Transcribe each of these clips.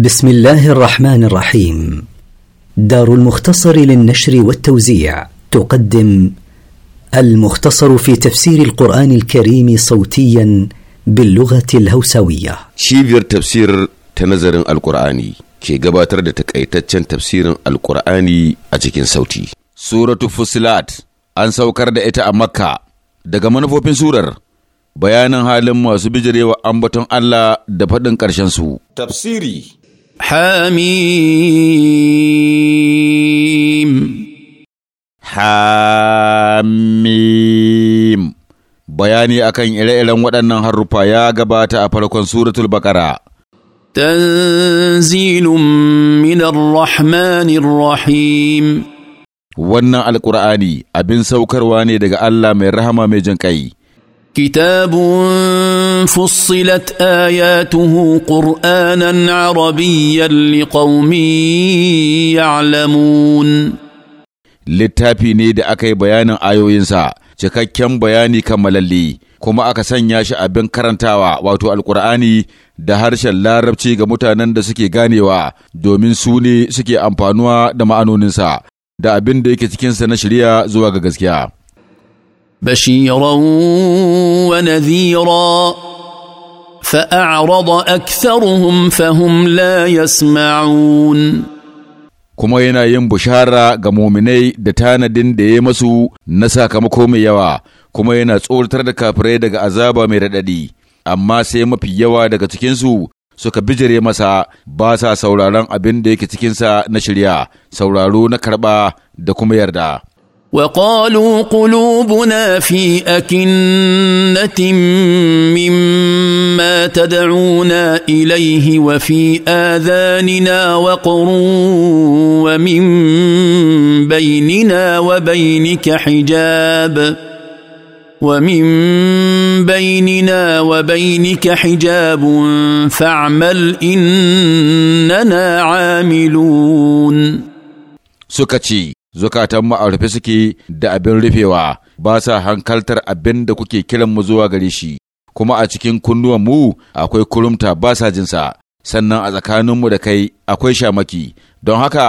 بسم الله الرحمن الرحيم دار المختصر للنشر والتوزيع تقدم المختصر في تفسير القرآن الكريم صوتيا باللغة الهوسوية شيفير تفسير تنظر القرآني كي قباتر تكأيتتشن تفسير القرآني أجيكين صوتي سورة فصلات أن سوكر دائتا أمكا daga manufofin surar bayanin halin masu bijirewa ambaton الله دفدن faɗin ƙarshensu. Tafsiri حميم حميم bayani akan ire-iren waɗannan haruffa ya gabata a farkon suratul baƙara. tanzilun minar rahmanir wannan alƙur'ani abin saukarwa ne daga Allah mai rahma mai jin ƙai. كتاب فصلت اياته قرانا عربيا لقوم يعلمون littafi ne da aka yi bayanin ayoyinsa cikakken bayani kammalalle kuma aka sanya shi abin karantawa wato alkur'ani da harshen larabci ga mutanen da suke ganewa domin su ne suke amfanuwa da ma'anoninsa da abin da yake cikinsa na shirya zuwa ga gaskiya بشيرا ونذيرا فأعرض أكثرهم فهم لا يسمعون kuma yana yin bushara ga muminai da tanadin da ya masu na sakamako mai yawa kuma yana tsoratar da kafirai daga azaba mai raɗaɗi amma sai mafi yawa daga cikinsu suka bijire masa ba sa sauraron abin da yake cikinsa na shirya sauraro na karɓa da kuma yarda وقالوا قلوبنا في أكنة مما تدعونا إليه وفي آذاننا وقر ومن بيننا وبينك حجاب ومن بيننا وبينك حجاب فاعمل إننا عاملون سكتي zukatan mu a rufe suke da abin rufewa ba sa hankaltar abin da kuke kiran mu zuwa gare shi kuma a cikin kunnuwan mu akwai kurumta ba sa jinsa sannan a tsakanin mu da kai akwai shamaki don haka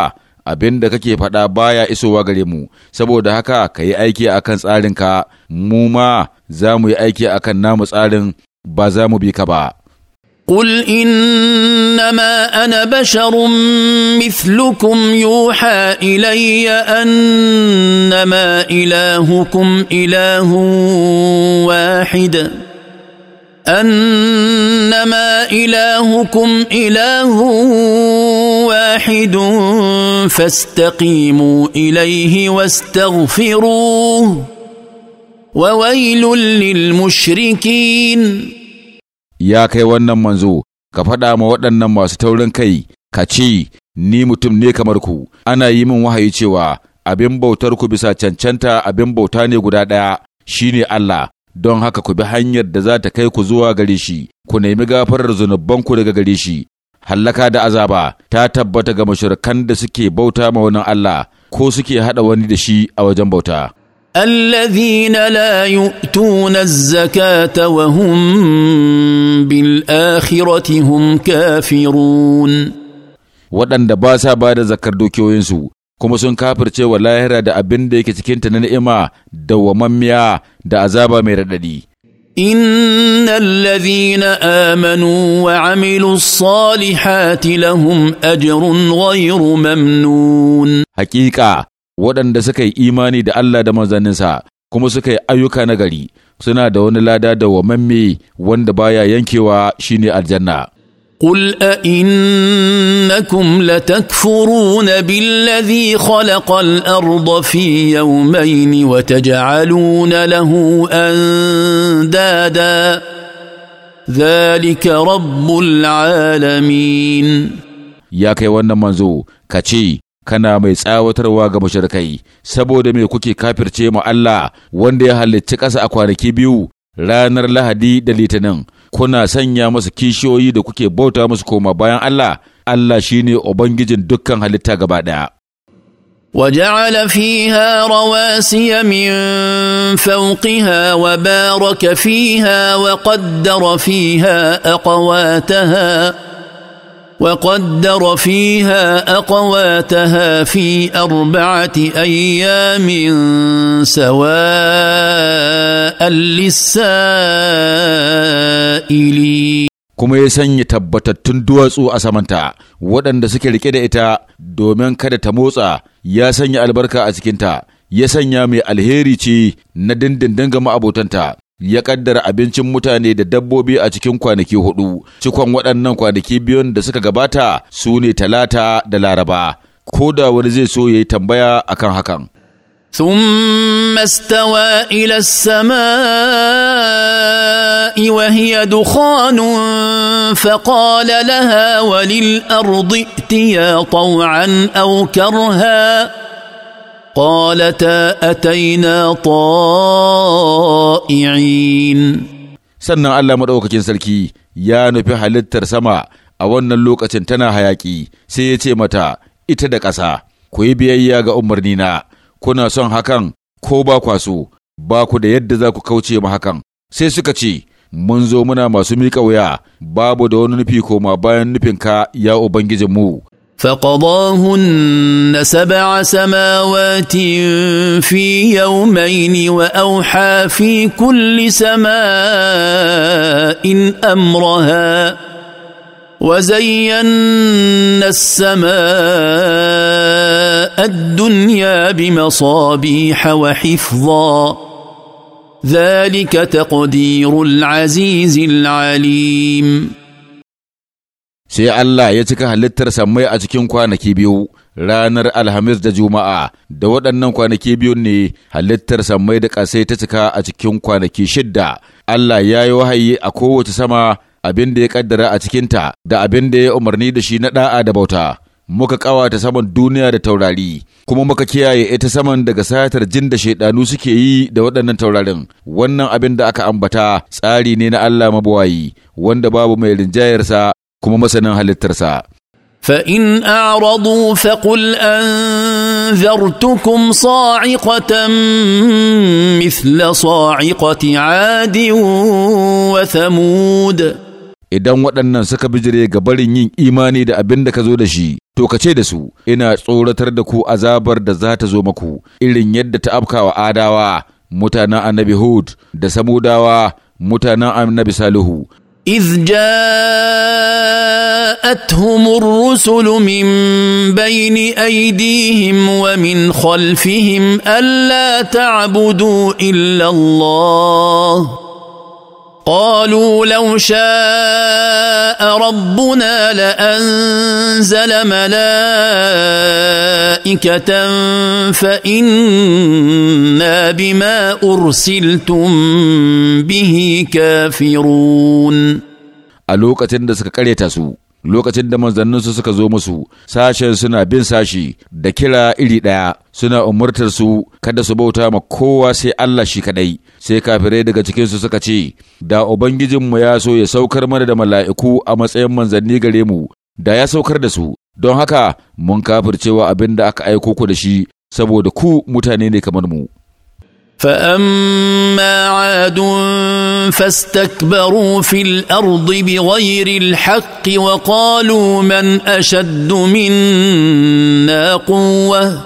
abin da kake faɗa baya isowa gare mu saboda haka ka yi aiki akan tsarinka mu ma za mu yi aiki akan namu tsarin ba za mu bi ka ba قل انما انا بشر مثلكم يوحى الي انما الهكم اله واحد انما الهكم اله واحد فاستقيموا اليه واستغفروه وويل للمشركين ya kai wannan manzo ka faɗa ma waɗannan masu taurin kai ka ce ni mutum ne kamar ku ana yi min wahayi cewa abin bautar ku bisa cancanta abin bauta ne guda ɗaya shine Allah don haka ku bi hanyar da za ta kai ku zuwa gare shi ku nemi gafarar ku daga gare shi hallaka da azaba ta tabbata ga mashirkan da suke bauta ma wani Allah ko suke haɗa wani da shi a wajen bauta. الذين لا يؤتون الزكاه وهم بالاخره هم كافرون waɗanda ba sa ba da zakar dokiyoyinsu kuma sun kafirce wa lahira da abin da yake cikinta na ni'ima da wamammiya da azaba mai raɗaɗi. ان الذين امنوا وعملوا الصالحات لهم ajarun غير ممنون Haƙiƙa. waɗanda suka yi imani da Allah da manzanninsa kuma suka yi ayyuka nagari, suna da wani lada da wamamme wanda baya yankewa shine aljanna قل أئنكم لتكفرون بالذي خلق الأرض في يومين وتجعلون له أندادا ذلك رب العالمين Ya kai wannan manzo kace kana mai tsawatarwa ga mashirkai saboda me kuke kafirce mu Allah wanda ya halicci ƙasa a kwanaki biyu ranar Lahadi da Litinin kuna sanya masa kishiyoyi da kuke bauta musu koma bayan Allah Allah shine ubangijin dukkan halitta gaba ɗaya وجعل فيها رواسي من فوقها وبارك فيها وقدر فيها أقواتها وقدر فيها اقواتها في اربعه ايام سواء للسائلين kuma ya sanya tabbatattun duwatsu a samanta waɗanda suke rike da ita domin kada ta motsa ya sanya albarka a cikinta ya sanya mai alheri ce na dindindin ga ma'abotanta ya kaddara abincin mutane da dabbobi a cikin kwanaki hudu cikon waɗannan kwanaki biyun da suka gabata su ne talata da laraba ko da wani zai so ya yi tambaya akan hakan ثم استوى الى السماء وهي دخان فقال لها وللارض ائتيا طوعا او كرها قالتا طائعا sannan Allah maɗaukakin sarki ya nufi halittar sama a wannan lokacin tana hayaƙi sai ya ce mata ita da ƙasa ku yi biyayya ga umarnina kuna son hakan ko ba kwa so ba ku da yadda za ku kauce ma hakan sai suka ce mun zo muna masu miƙa wuya babu da wani nufi koma bayan nufinka ya ubangijinmu فقضاهن سبع سماوات في يومين واوحى في كل سماء امرها وزينا السماء الدنيا بمصابيح وحفظا ذلك تقدير العزيز العليم sai Allah ya cika halittar sammai a cikin kwanaki biyu ranar Alhamis da Juma'a da waɗannan kwanaki biyu ne halittar sammai da ƙasai ta cika a cikin kwanaki shidda Allah ya yi wahayi a kowace sama abin da ya ƙaddara a cikinta da abin da ya umarni da shi na ɗa'a da bauta muka ta saman duniya da taurari kuma muka kiyaye ita saman daga satar jin da shaidanu suke yi da waɗannan taurarin wannan abin da aka ambata tsari ne na Allah mabuwayi wanda babu mai rinjayarsa kuma masanin halittarsa. فان اعرضوا فقل انذرتكم صاعقه مثل صاعقه عاد وثمود idan waɗannan suka bijire ga barin yin imani da abin da ka zo da shi to ka ce da su ina tsoratar da ku azabar da za ta zo maku irin yadda ta afkawa adawa mutanen annabi hud da samudawa mutanen annabi salihu اذ جاءتهم الرسل من بين ايديهم ومن خلفهم الا تعبدوا الا الله قالوا لو شاء ربنا لانزل ملائكه فانا بما ارسلتم به كافرون a lokacin da suka su lokacin da manzanninsu suka zo musu sashen suna bin sashi da kira iri ɗaya suna umurtar su kada su bauta ma kowa sai Allah shi kadai sai kafirai daga cikinsu suka ce da ubangijinmu ya so ya saukar mana da mala'iku a matsayin manzanni gare mu da ya saukar da su don haka mun kafircewa abin da aka aiko ku da shi saboda ku mutane ne kamar mu فاما عاد فاستكبروا في الارض بغير الحق وقالوا من اشد منا قوه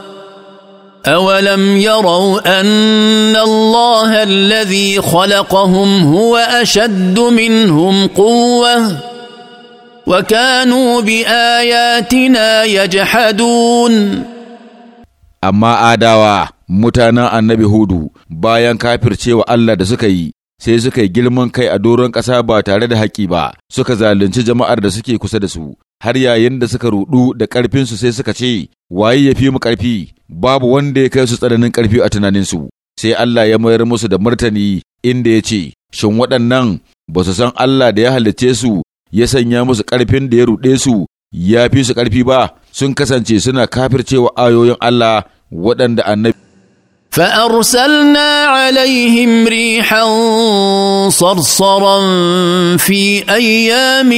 اولم يروا ان الله الذي خلقهم هو اشد منهم قوه وكانوا باياتنا يجحدون amma adawa mutanen annabi hudu bayan kafircewa Allah da suka yi sai suka yi girman kai a doron ƙasa ba tare da haƙƙi ba suka zalunci jama'ar da suke kusa da su har yayin da suka rudu da ƙarfinsu sai suka ce waye ya fi mu ƙarfi babu wanda ya kai su tsananin ƙarfi a tunaninsu sai Allah ya mayar musu da martani inda ya ce shin waɗannan ba su san Allah da ya halicce su ya sanya musu ƙarfin da ya ruɗe su ya fi su ƙarfi ba sun kasance suna kafircewa ayoyin Allah waɗanda annabi فارسلنا عليهم ريحا صرصرا في ايام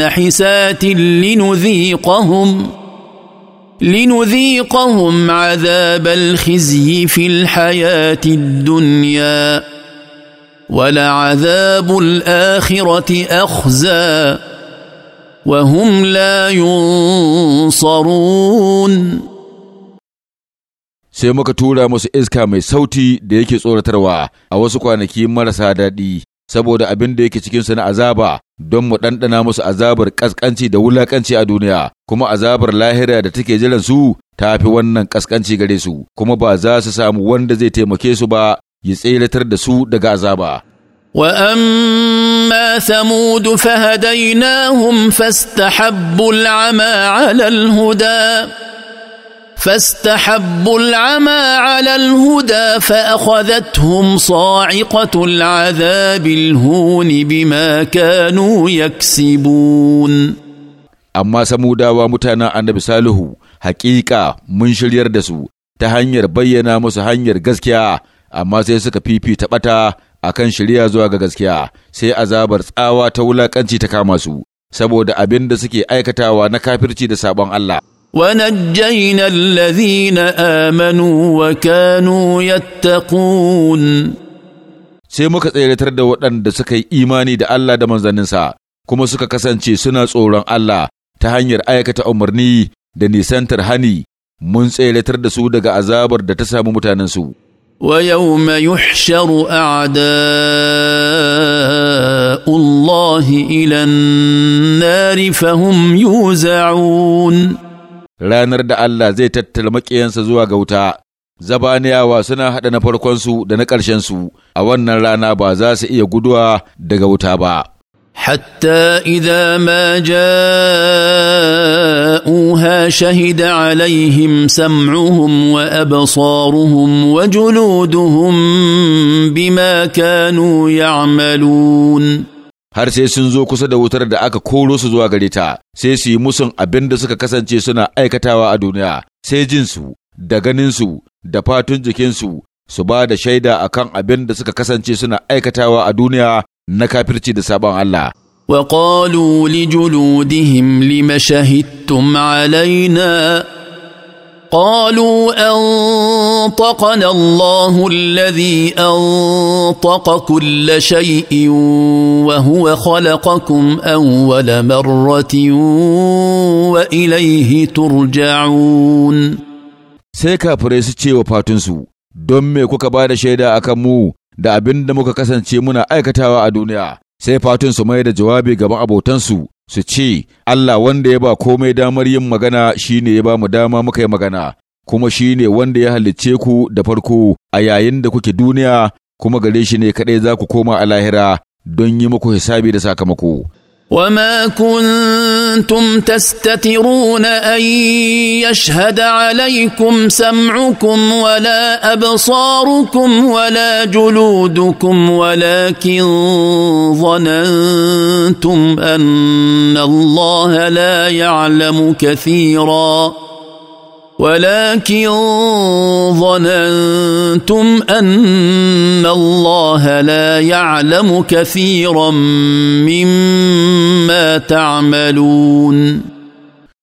نحسات لنذيقهم لنذيقهم عذاب الخزي في الحياه الدنيا ولعذاب الاخره اخزي وهم لا ينصرون sai muka tura musu iska mai sauti da yake tsoratarwa a wasu kwanaki marasa daɗi saboda abin da yake cikinsu na azaba don mu ɗanɗana musu azabar ƙasƙanci da wulaƙanci a duniya kuma azabar lahira da take jiran su ta fi wannan ƙasƙanci gare su kuma ba za su samu wanda zai taimake su ba ya tseratar da su daga azaba. وأما أما ثمود فهديناهم فاستحبوا العمى على الهدى فاستحبوا العمى على الهدى فأخذتهم صاعقة العذاب الهون بما كانوا يكسبون أما سمودا ومتانا النبي ساله حقيقة من شلير دسو ta hanyar bayyana musu hanyar gaskiya amma sai suka fifita ɓata akan shirya zuwa ga gaskiya sai azabar tsawa ta wulakanci ta kama su saboda abin da suke aikatawa na kafirci da sabon Allah ونجينا الذين آمنوا وكانوا يتقون sai muka tseratar da waɗanda suka yi imani da Allah da manzanninsa kuma suka kasance suna tsoron Allah ta hanyar aikata umarni da nisantar hani mun tseratar da su daga azabar da ta samu mutanensu. ويوم يحشر اعداء الله الى النار فهم يوزعون ranar da Allah zai tattala maƙiyansa zuwa ga wuta, zabaniyawa suna haɗa na farkonsu da na ƙarshensu, a wannan rana ba za su iya guduwa daga wuta ba. حتى إذا ما جاءوها شهد عليهم سمعهم وأبصارهم وجلودهم بما كانوا يعملون har sai sun zo kusa da wutar da aka koro su zuwa gare ta sai su yi musun abin da suka kasance suna aikatawa a duniya sai jinsu da ganinsu da fatun jikinsu su ba da shaida akan abin da suka kasance suna aikatawa a duniya na kafirci da sabon Allah. وقالوا لجلودهم لم شهدتم علينا قالوا انطقنا الله الذي انطق كل شيء وهو خلقكم اول مره واليه ترجعون sai kafirai su ce wa fatunsu don me kuka ba da shaida akan mu da abin da muka kasance muna aikatawa a duniya sai fatun su mai da jawabi gaban abotansu su ce Allah wanda ya ba komai damar yin magana shine ya ba mu dama muka yi magana kuma shine wanda ya halicce ku da farko a yayin da kuke duniya kuma gare shi ne kaɗai za ku koma a lahira don yi muku hisabi da sakamako. وما كنت كنتم تستترون ان يشهد عليكم سمعكم ولا ابصاركم ولا جلودكم ولكن ظننتم ان الله لا يعلم كثيرا ولكن ظننتم ان الله لا يعلم كثيرا مما تعملون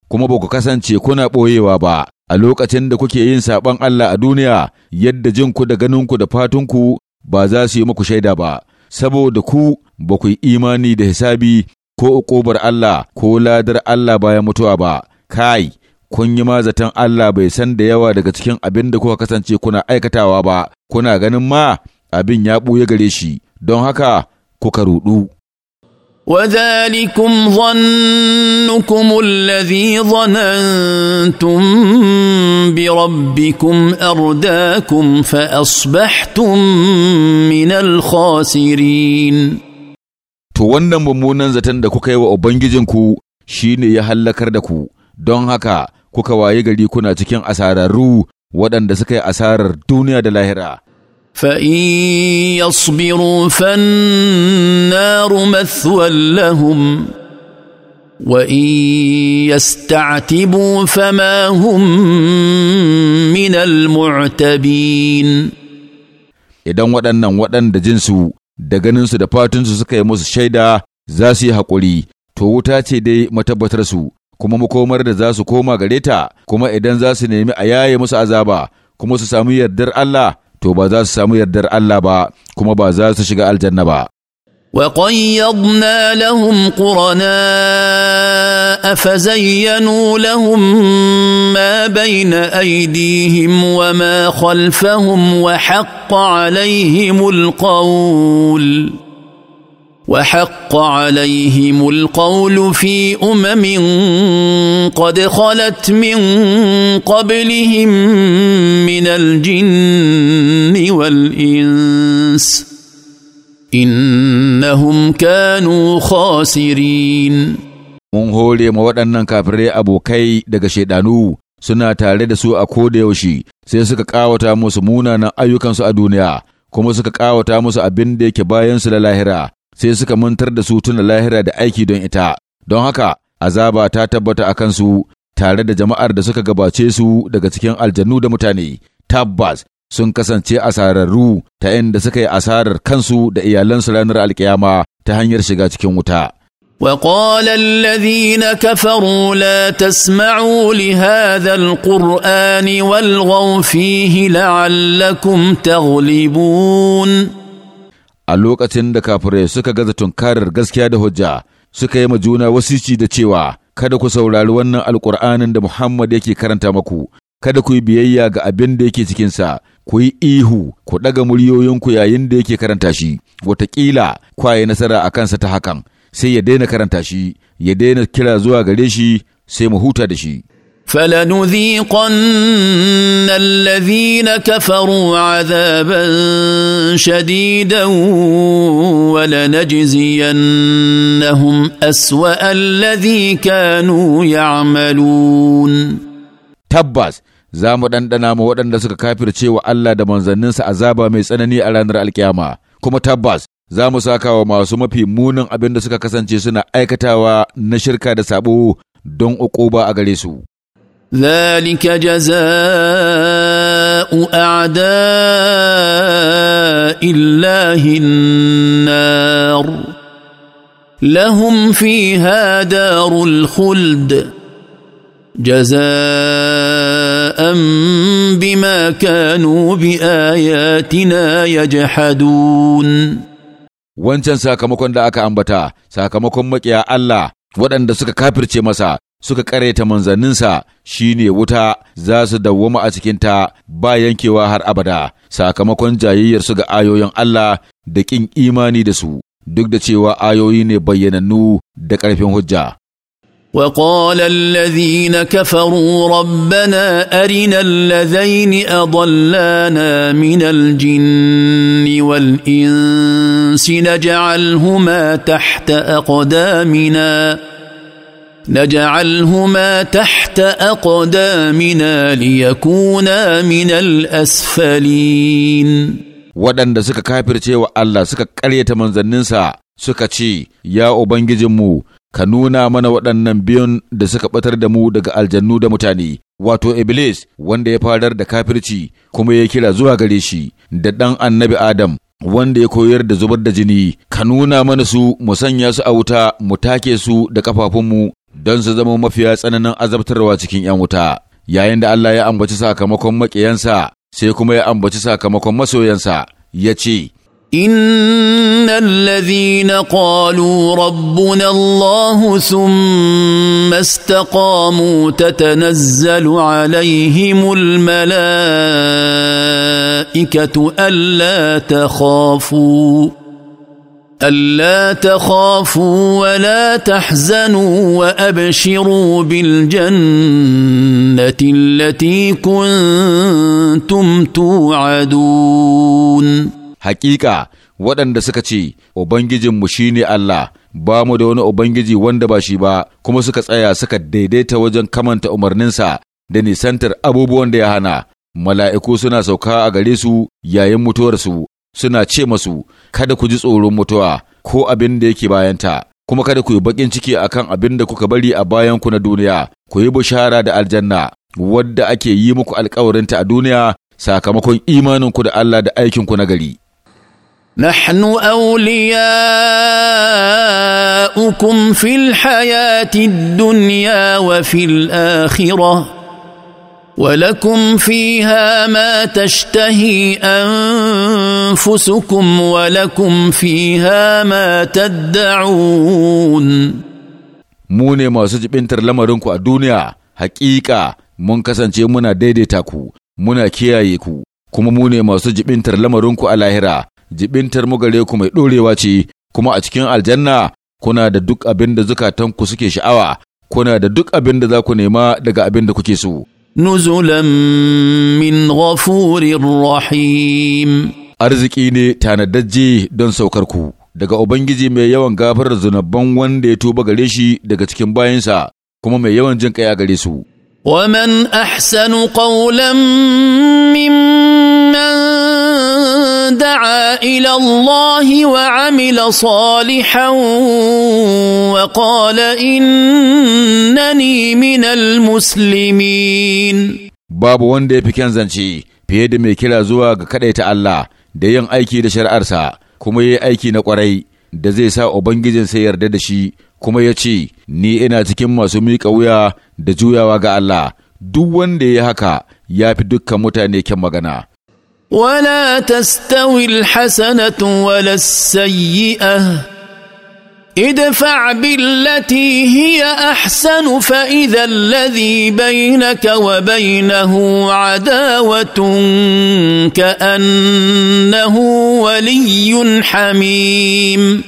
kuma ba ku kasance kuna ɓoyewa ba a lokacin da kuke yin saɓon Allah a duniya yadda jinku da ganinku da fatunku ba za su yi muku shaida ba saboda ku ba ku yi imani da hisabi ko ƙobar Allah ko ladar Allah bayan mutuwa ba kai kun yi ma zaton Allah bai san da yawa daga cikin abin da kuka kasance kuna aikatawa ba, kuna ganin ma abin ya ɓuya gare shi, don haka kuka ruɗu. وذلكم ظنكم الذي ظننتم بربكم ارداكم فاصبحتم من الخاسرين to wannan mummunan zaton da kuka yi wa ubangijinku shine ya hallakar da ku don haka kuka waye gari kuna cikin asararru waɗanda suka yi asarar duniya da lahira. فإن يصبروا فالنار مثوى idan waɗannan waɗanda jinsu da ganinsu da fatunsu suka yi musu shaida za su yi haƙuri to wuta ce dai matabbatarsu kuma makomar da za su koma gare ta kuma idan za su nemi a yaye musu azaba kuma su samu yardar Allah to ba za su samu yardar Allah ba kuma ba za su shiga aljanna ba وقيضنا لهم قرناء فزينوا لهم ما بين ايديهم وما خلفهم وحق عليهم القول وحق عليهم القول في امم قد خلت من قبلهم من الجن والانس انهم كانوا خاسرين mun hore ma waɗannan kafirai abokai daga shaidanu suna tare da su a kodayaushe sai suka ƙawata musu munanan ayyukansu a duniya kuma suka ƙawata musu abin da yake bayansu da lahira sai suka mantar da su tuna lahira da aiki don ita, don haka azaba ta tabbata a kansu tare da jama'ar da suka gabace su daga cikin aljanu da mutane, tabbas sun kasance asararru ta inda suka yi asarar kansu da iyalansu ranar alkiyama ta hanyar shiga cikin wuta. وقال الذين كفروا لا تسمعوا لهذا القرآن والغوا فيه لعلكم تغلبون a lokacin da kafirai suka gaza tunkarar gaskiya da hujja suka yi juna wasici da cewa kada ku saurari wannan alkur'anin da Muhammad yake karanta maku kada ku yi biyayya ga abin da yake cikinsa ku yi ihu ku ɗaga muryoyinku yayin da yake karanta shi wataƙila kwaye nasara a kansa ta hakan sai ya daina karanta shi ya daina kira zuwa gare shi sai mu huta da shi فلنذيقن الذين كفروا عذابا شديدا ولنجزينهم اسوا الذي كانوا يعملون تبس za mu ɗanɗana ma waɗanda suka kafirce wa Allah da manzanninsa azaba mai tsanani a ranar alkiyama kuma tabbas za mu saka wa masu mafi munin abin da suka kasance suna aikatawa na shirka da saɓo don uku a gare su ذلك جزاء اعداء الله النار لهم فيها دار الخلد جزاء بما كانوا باياتنا يجحدون wancan sakamakon da aka ambata sakamakon maƙiya Allah waɗanda suka kafirce masa suka ƙareta manzanninsa shine wuta za su dawwama a cikinta ba yankewa har abada sakamakon jayayyarsu ga ayoyin Allah da ƙin imani da su duk da cewa ayoyi ne bayyanannu da ƙarfin hujja. وقال الذين كفروا ربنا أرنا الذين أضلانا من الجن والإنس نجعلهما تحت أقدامنا نجعلهما تحت أقدامنا ليكونا من الأسفلين waɗanda suka kafirce wa Allah suka ƙaryata manzanninsa suka ce, Ya Ubangijinmu, ka nuna mana waɗannan biyun da suka ɓatar da mu daga aljannu da mutane, wato Iblis wanda ya farar da kafirci kuma ya kira zuwa gare shi, da ɗan annabi Adam wanda ya koyar da zubar da jini, ka nuna mana su mu sanya su a wuta mu take su da ƙafafunmu don su zama mafiya tsananin azabtarwa cikin 'yan wuta, yayin da Allah ya ambaci sakamakon maƙiyansa sai kuma ya ambaci sakamakon masoyansa ya ce, إن الذين قالوا ربنا الله ثم استقاموا تتنزل عليهم الملائكة ألا تخافوا ألا تخافوا ولا تحزنوا وأبشروا بالجنة التي كنتم توعدون حقيقة waɗanda suka ce, Ubangijinmu shi ne Allah, ba mu da wani Ubangiji wanda ba shi ba, kuma suka tsaya suka daidaita wajen kamanta umarninsa da nisantar abubuwan da ya hana, mala'iku suna sauka a gare su yayin mutuwarsu suna ce masu kada ku ji tsoron mutuwa ko abin da yake bayanta kuma kada ku yi bakin ciki a kan abin da kuka bari a bayan ku na duniya ku yi bushara da aljanna wadda ake yi muku alkawarinta a duniya sakamakon imanin ku da Allah da aikin aikinku na gari نحن fil في duniya wa وفي akhira ولكم فيها ما تشتهي انفسكم ولكم فيها ما تدعون mu ne masu jibintar lamarinku a duniya hakika mun kasance muna daidaita ku muna kiyaye ku kuma mu ne masu jibintar lamarinku a lahira jibintar mu gare ku mai ɗorewa ce kuma a cikin aljanna kuna da duk abin da zukatanku suke sha'awa kuna da duk abin da za ku nema daga abin da kuke so نزلا من غفور رحيم arziki ne tanadajje don saukarku daga Ubangiji mai yawan gafarar zunuban wanda ya tuba gare shi daga cikin bayansa kuma mai yawan jin kai a gare su. ومن أحسن قولا مما دعا الى الله وعمل صالحا وقال انني من المسلمين babu wanda ya fi kyan zance fiye da mai kira zuwa ga ta Allah da yin aiki da shari'arsa kuma ya yi aiki na ƙwarai da zai sa sai yarda da shi kuma ya ce, Ni ina cikin masu miƙa wuya da juyawa ga Allah, duk wanda ya haka ya fi dukkan mutane kyan magana. ولا تستوي الحسنه ولا السيئه ادفع بالتي هي احسن فاذا الذي بينك وبينه عداوه كانه ولي حميم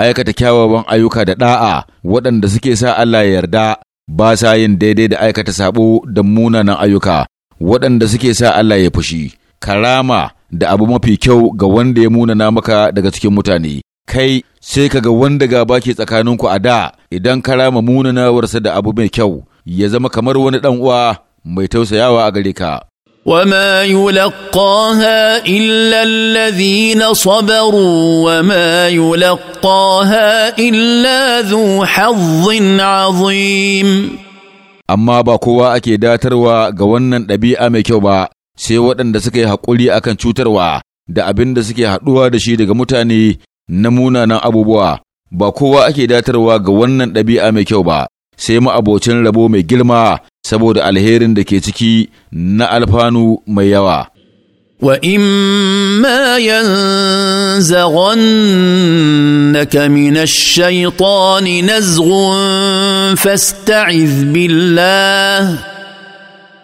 aikata kyawawan ayyuka da ɗa'a waɗanda suke sa Allah ya yarda ba sa yin daidai da aikata saɓo, da munanan ayyuka waɗanda suke sa Allah ya fushi karama da abu mafi kyau ga wanda ya munana maka daga cikin mutane kai sai ka ga wanda gaba ke tsakaninku a da idan karama munanawarsa da abu mai kyau ya zama kamar wani dan uwa mai tausayawa a gare ka وما يلقاها الا الذين صبروا وما يلقاها الا ذو حظ عظيم amma ba kowa ake datarwa ga wannan ɗabi'a mai kyau ba sai waɗanda suka yi haƙuri akan cutarwa da abin da suke haɗuwa da shi daga mutane na munanan abubuwa, ba kowa ake datarwa ga wannan ɗabi'a mai kyau ba, sai ma'abocin rabo mai girma saboda alherin da ke ciki na alfanu mai yawa. واما ينزغنك من الشيطان نزغ فاستعذ بالله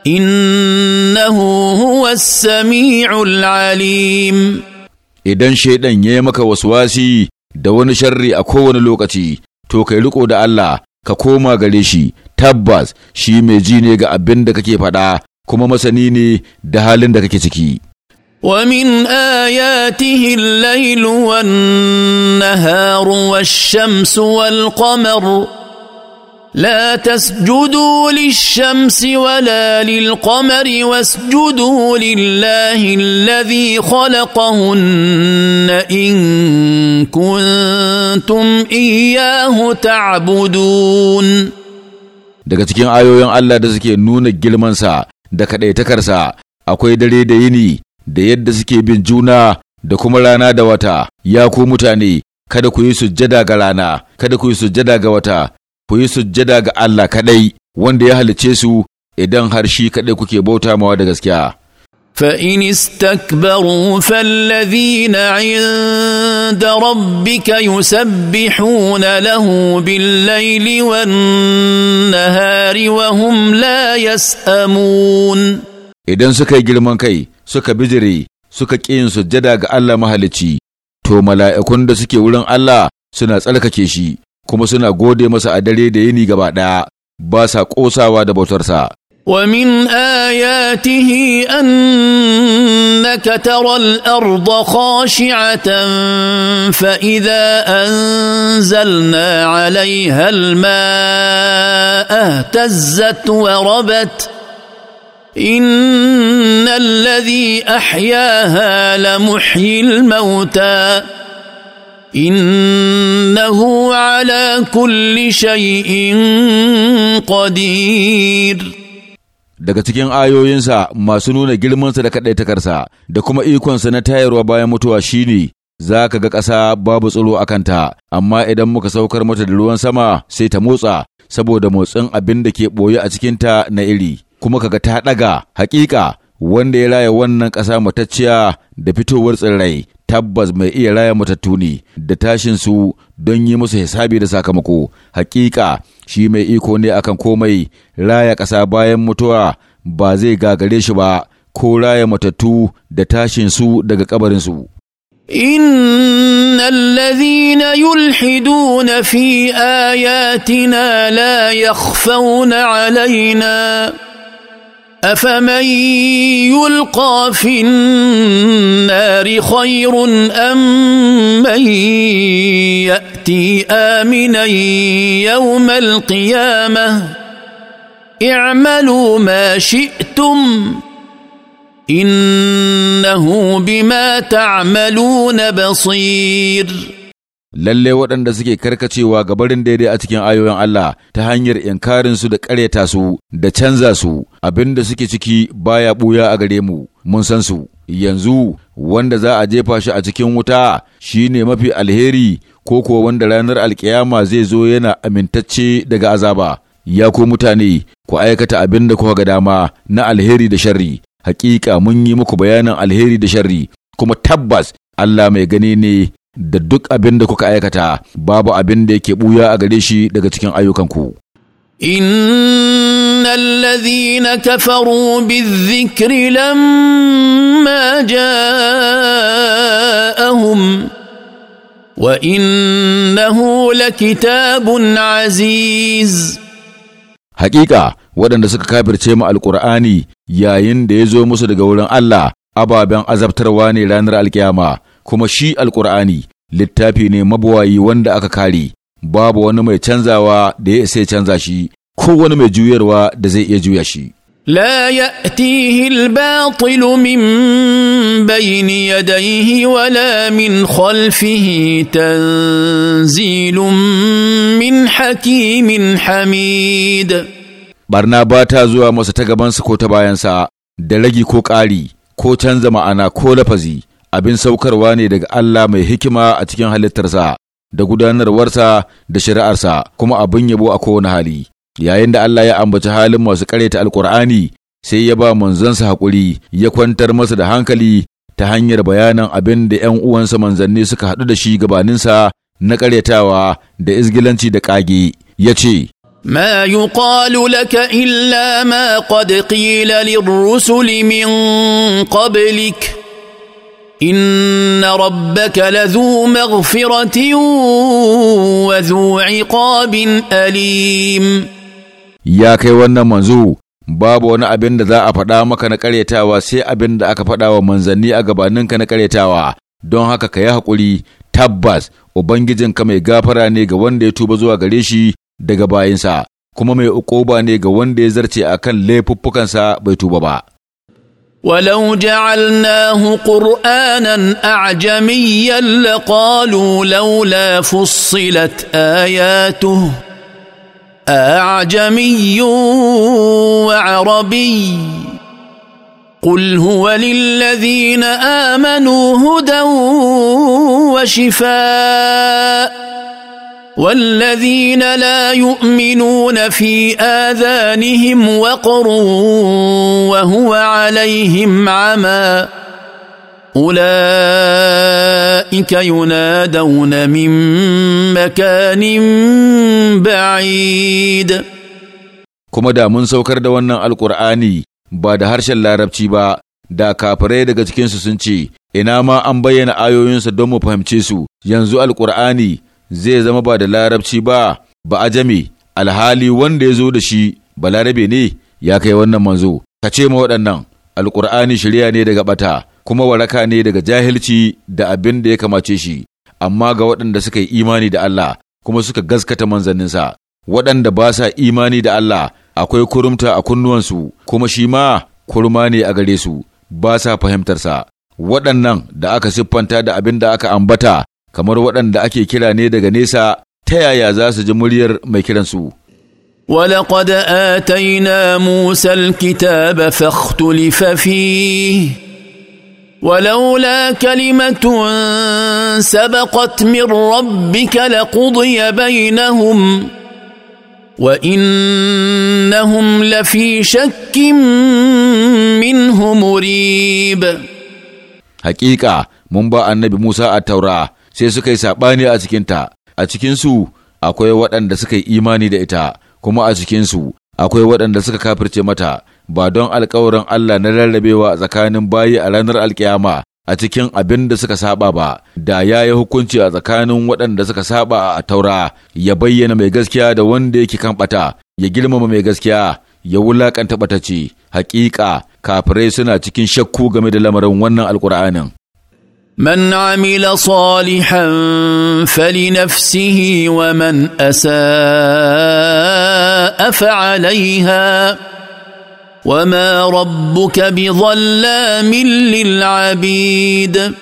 إنه هو السميع العليم idan shaidan ya yi maka waswasi da wani sharri a kowane lokaci to kai riko da Allah ka koma gare shi tabbas shi mai ji ne ga abin da kake faɗa kuma masani ne da halin da kake ciki ومن آياته الليل والنهار shamsuwal والقمر لا تسجدوا للشمس ولا للقمر واسجدوا لله الذي خلقهن ان كنتم اياه تعبدون daga cikin ayoyin Allah da suke nuna girmansa da kaɗaitakarsa akwai dare da yini da yadda suke bin juna da kuma rana da wata ya ku mutane kada ku yi sujjada ga rana kada ku yi sujjada ga wata ku yi sujjada ga Allah kaɗai wanda ya halice su idan har shi kaɗai kuke bauta mawa da gaskiya. فإن استكبروا فالذين عند ربك يسبحون له بالليل والنهار وهم لا يسأمون idan suka yi girman kai suka bijire suka ƙi yin sujjada ga Allah mahalicci to mala'ikun da suke wurin Allah suna tsarkake shi kuma suna gode masa a dare da yini gaba ɗaya ba sa ƙosawa da bautarsa. ومن آياته أنك ترى الأرض خاشعة فإذا أنزلنا عليها الماء اهتزت وربت إن الذي أحياها لمحيي الموتى انه على كل شيء قدير daga cikin ayoyinsa masu nuna girmansa da kaɗaitakarsa da kuma ikonsa na tayarwa bayan mutuwa shine za ka ga ƙasa babu tsiro a kanta, amma idan muka saukar mata da ruwan sama sai ta motsa saboda motsin abin da ke ɓoye a cikinta na iri, kuma ka ga ta ɗaga, haƙiƙa wanda ya raya wannan ƙasa matacciya da fitowar tsirrai tabbas mai iya raya matattu ne da tashin su don yi musu hisabi da sakamako hakika shi mai iko ne akan komai raya ƙasa bayan mutuwa ba zai gagare shi ba ko raya matattu da tashin su daga kabarinsu ان الذين يلحدون في اياتنا لا يخفون alaina. أفمن يلقى في النار خير أم من يأتي آمنا يوم القيامة اعملوا ما شئتم إنه بما تعملون بصير lalle waɗanda suke karkacewa ga barin daidai a cikin ayoyin Allah ta hanyar su da ƙaryata su da canza su abin da suke ciki baya buya a gare mu mun san su yanzu wanda za a jefa shi a cikin wuta shine mafi alheri ko kuwa wanda ranar alkiyama zai zo yana amintacce daga azaba ya ku mutane ku aikata abin da kuka ga dama na alheri da sharri hakika mun yi muku bayanin alheri da sharri kuma tabbas Allah mai gani ne da duk abin da kuka aikata babu abin da yake buya a gare shi daga cikin ayyukanku. إن الذين كفروا بالذكر لما na hula kitabun aziz. Haƙiƙa, waɗanda suka kafirce mu alƙur'ani yayin da ya zo musu daga wurin Allah ababen azabtarwa ne ranar alkiyama kuma shi alkur'ani littafi ne mabuwayi wanda aka kare babu wani mai canzawa da ya isa canza shi ko wani mai juyarwa da zai iya juya shi لا يأتيه الباطل من بين يديه ولا من خلفه تنزيل من حكيم حميد برنا ba ta zuwa masa ta gabansa ko ta bayansa da ragi ko ƙari ko canza ma'ana ko lafazi abin saukarwa ne daga Allah mai hikima a cikin halittarsa da gudanarwarsa da shari'arsa kuma abin yabo a kowane hali yayin da Allah ya ambaci halin masu karyata alkur'ani sai ya ba manzansa haƙuri ya kwantar masa da hankali ta hanyar bayanan abin da 'yan uwansa manzanni suka haɗu da shi gabaninsa na karyatawa da isgilanci da ƙage ya ce ما يقال لك إلا ما قد قيل للرسل من قبلك ان ربك لذو مغفره وذو عقاب اليم ya kai wannan manzo babu wani abin da za a faɗa maka na ƙaryatawa sai abin da aka faɗa wa manzanni a gabaninka na ƙaryatawa don haka ka yi haƙuri tabbas ubangijinka mai gafara ne ga wanda ya tuba zuwa gare shi daga bayinsa kuma mai uƙoba ne ga wanda ya zarce a kan laifuffukansa bai tuba ba ولو جعلناه قرانا اعجميا لقالوا لولا فصلت اياته اعجمي وعربي قل هو للذين امنوا هدى وشفاء والذين لا يؤمنون في اذانهم وقر وهو عليهم عمى اولئك ينادون من مكان بعيد kuma da mun saukar da wannan alkur'ani ba da harshen larabci ba da kafirai daga cikinsu sun ce ina ma an bayyana ayoyinsa don mu fahimce su yanzu alkur'ani zai zama ba da larabci ba ba a ajami alhali wanda ya zo da shi ba larabe ne ya kai wannan manzo ka ce ma waɗannan alƙur'ani shirya ne daga ɓata kuma waraka ne daga jahilci da abin da ya kamace shi amma ga waɗanda suka yi imani da Allah kuma suka gaskata manzanninsa waɗanda ba sa imani da Allah akwai kurumta a kunnuwansu kuma shi ma kurma ne a gare su ba sa fahimtarsa waɗannan da aka siffanta da abin da aka ambata kamar waɗanda ake kira ne daga nesa ta yaya za su ji muryar mai kiransu. ولقد آتينا موسى الكتاب فاختلف فيه ولولا كلمة سبقت من ربك لقضي بينهم وإنهم لفي شك منه مريب حقيقة من منبأ النبي موسى التوراة sai suka yi saɓani a cikinta, a cikinsu akwai waɗanda suka yi imani da ita, kuma a cikinsu akwai waɗanda suka kafirce mata, ba don alkawarin Allah na rarrabewa tsakanin bayi a ranar alkiyama a cikin abin da suka saɓa ba, da ya yi hukunci a tsakanin waɗanda suka saɓa a taura, ya bayyana mai gaskiya da wanda yake kan ɓata, ya girmama mai gaskiya, ya wulaƙanta ɓatace, Haƙiƙa kafirai suna cikin shakku game da lamarin wannan alkur'anin. من عمل صالحا فلنفسه ومن اساء فعليها وما ربك بظلام للعبيد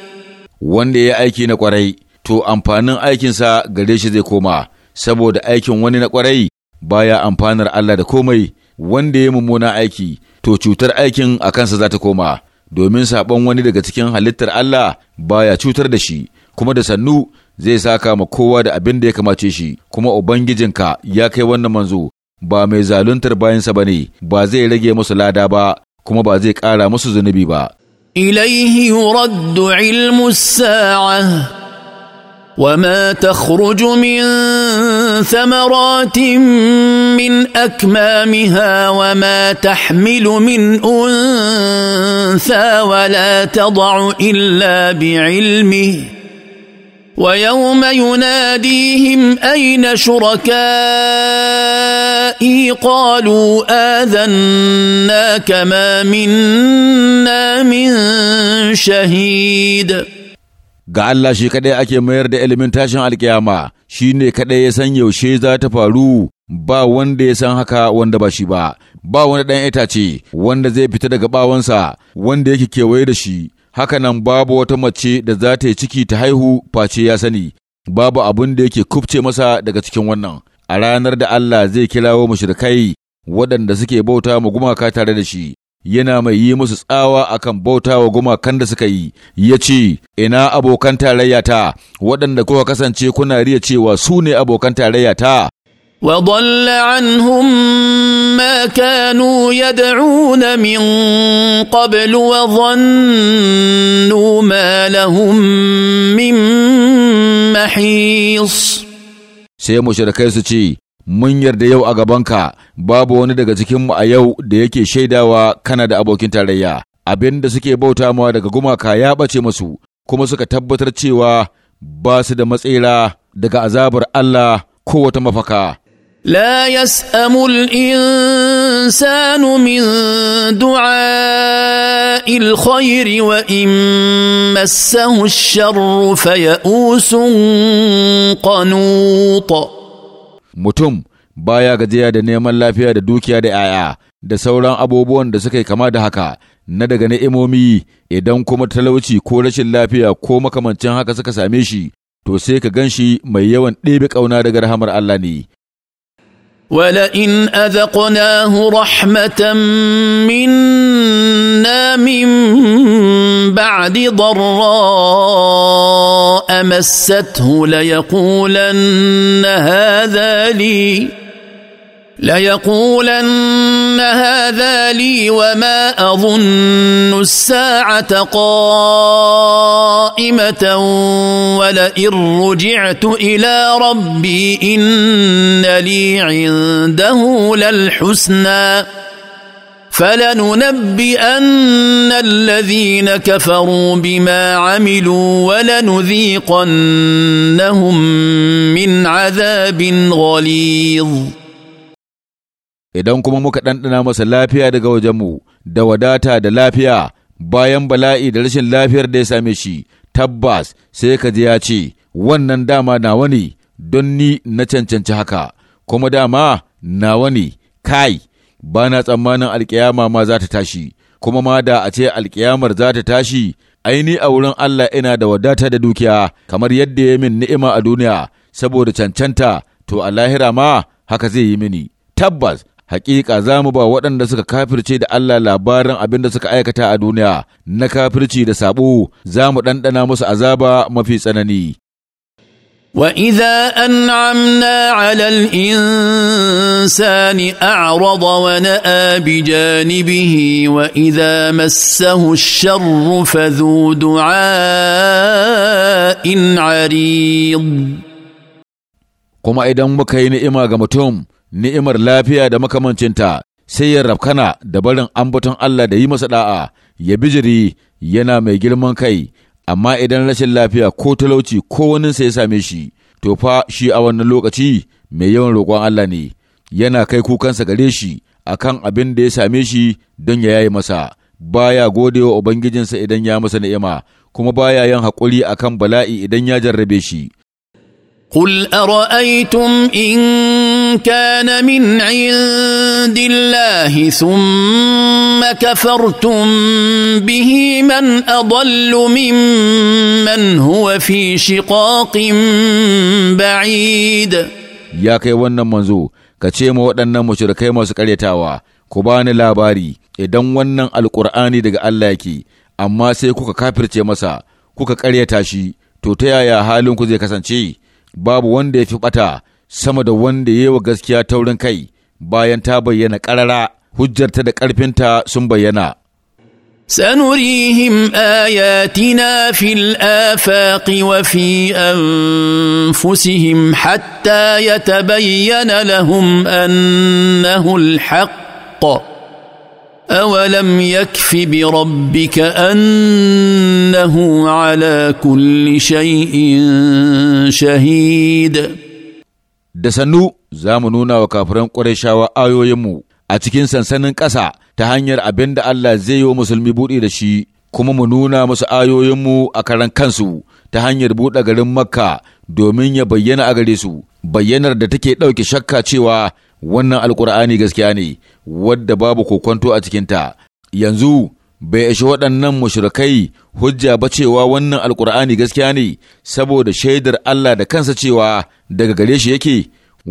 wanda ya aiki na kwarai to amfanin aikinsa gare shi zai koma saboda aikin wani na kwarai baya amfanar Allah da komai wanda ya mummuna aiki to cutar aikin a kansa za ta koma domin saɓon wani daga cikin halittar Allah baya cutar da shi, kuma da sannu zai saka ma kowa da abin da ya kamace shi, kuma Ubangijinka ya kai wannan manzo, ba mai zaluntar bayansa ba ne, ba zai rage musu lada ba, kuma ba zai ƙara musu zunubi ba. Ilaihi yuraddu ilmu ثمرات من اكمامها وما تحمل من انثى ولا تضع الا بعلمه ويوم يناديهم اين شركائي قالوا اذناك ما منا من شهيد قال لا شيء كده ake mayar da ilimin shi ne kaɗai ya san yaushe za ta faru ba wanda ya san haka wanda ba shi ba, ba wani ɗan itace wanda zai fita daga ɓawansa wanda yake kewaye da shi, haka nan babu wata mace da za ta yi ciki ta haihu face ya sani, babu abin da yake kubce masa daga cikin wannan. A ranar da Allah zai kirawo mashirkai waɗanda suke bauta ma gumaka tare da shi, yana mai yi musu tsawa akan bauta wa gumakan da suka yi, ya ce, Ina abokan tarayyata, waɗanda kuka kasance kuna riya cewa su ne abokan tarayyata. وضل عنهم ما كانوا يدعون من قبل وظنوا ما لهم من محيص sai mushrikai su ce mun yarda yau a gabanka babu wani daga cikinmu a yau da yake shaidawa kana da abokin tarayya abin da suke bauta mawa daga gumaka ya ɓace masu kuma suka tabbatar cewa ba su da matsira daga azabar Allah ko wata mafaka. لا يسأم الإنسان من دعاء الخير وإن مسه الشر فيئوس قنوط mutum baya gajiya da neman lafiya da dukiya da ‘ya'ya da sauran abubuwan da suka yi kama da haka na daga ni'imomi idan kuma talauci ko rashin lafiya ko makamancin haka suka same shi to sai ka ganshi mai yawan ɗebe ƙauna daga rahamar Allah ne ولئن اذقناه رحمه منا من بعد ضراء مسته ليقولن هذا لي ليقولن هذا لي وما اظن الساعه قائمه ولئن رجعت الى ربي ان لي عنده للحسنى فلننبئن الذين كفروا بما عملوا ولنذيقنهم من عذاب غليظ idan kuma muka ɗanɗana masa lafiya daga wajenmu da wadata da lafiya bayan bala'i da rashin lafiyar da ya same shi tabbas sai ka ji ya ce wannan dama nawa ne don ni na cancanci haka kuma dama nawa ne kai ba na tsammanin alkiyama ma za ta tashi kuma ma da a ce alkiyamar za ta tashi aini a wurin Allah ina da wadata da dukiya kamar yadda ya min ni'ima a duniya saboda cancanta to a lahira ma haka zai yi mini tabbas Hakika za mu ba waɗanda suka kafirce da Allah labarin abin da suka aikata a duniya na kafirci da sabo za mu ɗanɗana musu azaba mafi tsanani. واذا انعمنا على الانسان اعرض وناى بجانبه واذا مسه الشر فذو دعاء عريض kuma idan muka yi ni'ima ga mutum ni'imar lafiya da makamancinta sai ya rafkana da barin ambaton Allah da yi masa da'a ya bijiri yana mai girman kai amma idan rashin lafiya ko talauci ko sai ya same shi to fa shi a wannan lokaci mai yawan roƙon Allah ne yana kai kukansa gare shi akan abin da ya same shi don ya yayi masa baya godewa ubangijinsa idan ya masa ni'ima kuma baya yin haƙuri akan bala'i idan ya jarrabe shi قل أرأيتم إن كان من عند الله ثم كفرتم به من اضل ممن هو في شقاق بعيد ya kai wannan manzo ka ce ma waɗannan mushrikai masu ƙaryatawa ku bani labari idan wannan alƙur'ani daga Allah yake amma sai kuka kafirce masa kuka ƙaryata shi to ta yaya halinku zai kasance babu wanda ya fi ɓata sama da wanda ya wa gaskiya taurin kai bayan ta bayyana ƙarara hujjarta da ƙarfinta sun bayyana. سنريهم اياتنا في الافاق وفي انفسهم حتى يتبين لهم انه الحق اولم يكف بربك انه على كل شيء شهيد da sannu za mu nuna wa kafiran ƙwarai ayoyinmu a cikin sansanin ƙasa ta hanyar abin da Allah zai yi wa musulmi buɗe da shi, kuma mu nuna musu ayoyinmu a karan kansu ta hanyar buɗe garin Makka domin ya bayyana a gare su, bayyanar da take ɗauke shakka cewa wannan alkur'ani gaskiya ne, wadda babu kokwanto a cikinta. Yanzu bai ishi waɗannan mushrikai hujja ba cewa wannan alkur'ani gaskiya ne saboda shaidar Allah da kansa cewa daga gare shi yake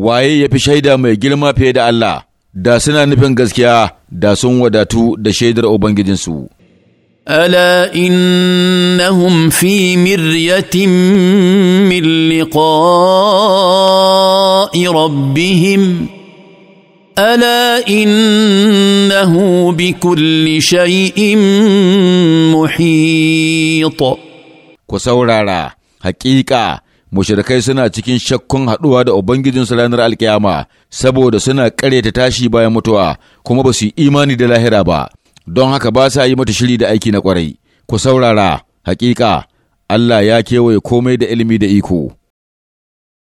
waye ya fi shaida mai girma fiye da Allah da suna nufin gaskiya da sun wadatu da shaidar ubangijinsu ألا إنهم في مرية من لقاء ربهم الا انه بكل شيء محيط ku saurara hakika mushrikai suna cikin shakkun haɗuwa da ubangijinsu ranar alkiyama saboda suna ta tashi bayan mutuwa kuma ba su yi imani da lahira ba don haka ba sa yi mata shiri da aiki na ƙwarai ku saurara hakika Allah ya kewaye komai da ilimi da iko